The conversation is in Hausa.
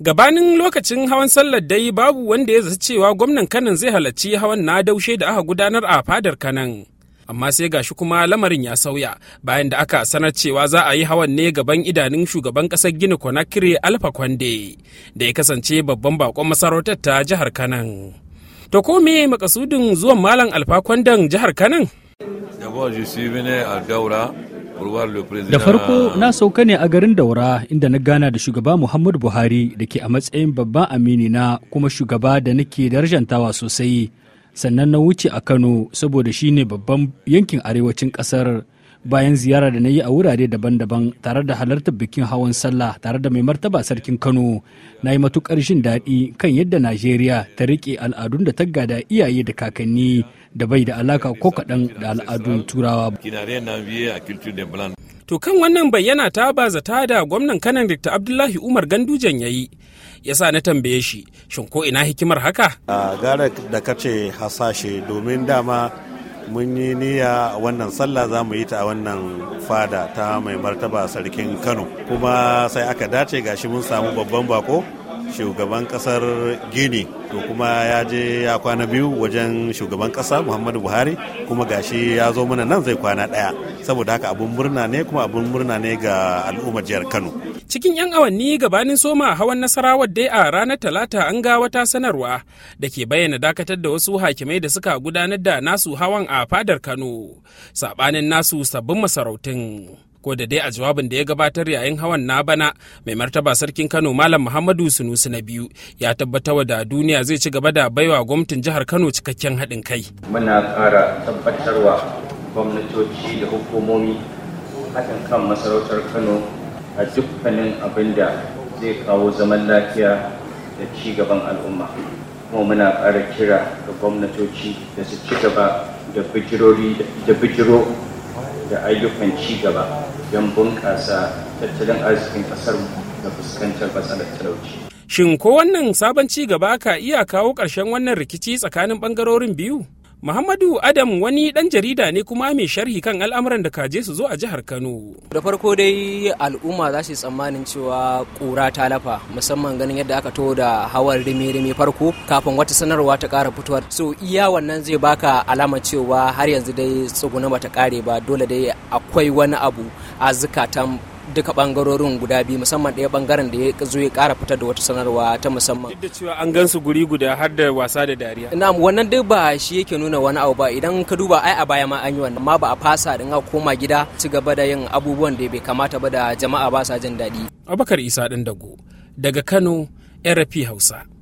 gabanin lokacin hawan sallar dai babu wanda ya zaci cewa gwamnan kanan zai halarci hawan na daushe da aka gudanar a fadar kanan amma sai gashi kuma lamarin ya sauya bayan da aka sanar cewa za a yi hawan ne gaban idanun shugaban kasar gini Conakry alfa kwande da ya kasance babban bakon masarautar ta jihar kanan to ko me makasudin zuwan malam alfa kwandon jihar kanan Da farko na sauka ne a garin Daura inda na gana da shugaba Muhammadu Buhari da ke a matsayin babban amini na kuma shugaba da nake darajantawa sosai. Sannan na wuce a Kano saboda shine babban yankin arewacin kasar. bayan ziyara da na yi a wurare daban-daban tare da halartar bikin hawan sallah tare da mai martaba sarkin kano na yi matukar jin daɗi kan yadda najeriya ta riƙe al'adun da ta gada iyaye da kakanni da bai da alaka ko kaɗan da al'adun turawa to kan wannan bayyana ta ba zata da gwamnan kanan dikta abdullahi umar gandujan ya yi ya sa na tambaye shi shin ko ina hikimar haka gara da kace hasashe domin dama mun yi niyya wannan sallah za mu yi ta a wannan fada ta mai martaba sarkin kano kuma sai aka dace gashi mun samu babban bako shugaban kasar gini to kuma ya je ya kwana biyu wajen shugaban kasa muhammadu buhari kuma gashi ya zo mana nan zai kwana daya saboda haka abun murna ne kuma abun murna ne ga al'ummar jihar kano cikin yan awanni gabanin soma hawan nasarawar dai a ranar talata an ga wata sanarwa da ke bayyana dakatar da wasu hakimai da suka gudanar da nasu hawan a fadar kano sabanin nasu sabbin masarautun ko da dai a jawabin da ya gabatar yayin hawan na bana mai martaba sarkin kano malam muhammadu sunusu na biyu ya tabbatar da duniya zai ci gaba da baiwa gwamnatin jihar kano cikakken haɗin kai muna ƙara tabbatarwa gwamnatoci da hukumomi haɗin kan masarautar kano a dukkanin abin da zai kawo zaman lafiya da ci gaban al'umma kuma muna ƙara kira ga gwamnatoci da su ci gaba da bijiro da ayyukan ci gaba don bunƙasa tattalin arzikin kasar da fuskantar matsalar talauci. Shin ko wannan sabon ci gaba ka iya kawo ƙarshen wannan rikici tsakanin ɓangarorin biyu? Muhammadu Adam wani ɗan jarida ne kuma mai sharhi kan al'amuran da kaje su zo a jihar Kano. Da farko dai al'umma za su tsammanin cewa ƙura ta lafa musamman ganin yadda aka to da hawar rimi-rimi farko kafin wata sanarwa ta ƙara fitowa. So iya wannan zai baka alamar cewa har yanzu dai tsuguna bata ƙare ba dole dai akwai wani abu a zukatan duka bangarorin guda biyu musamman ɗaya bangaren da ya zo ya kara fitar da wata sanarwa ta musamman duk da cewa an gansu guri guda har da wasa da dariya Na wannan duk ba shi yake nuna wani abu ba idan ka duba ai a baya ma an yi wannan amma ba a fasa din a koma gida ci gaba da yin abubuwan da bai kamata ba da jama'a ba sa jin daɗi abubakar isa ɗin dago daga kano rfi hausa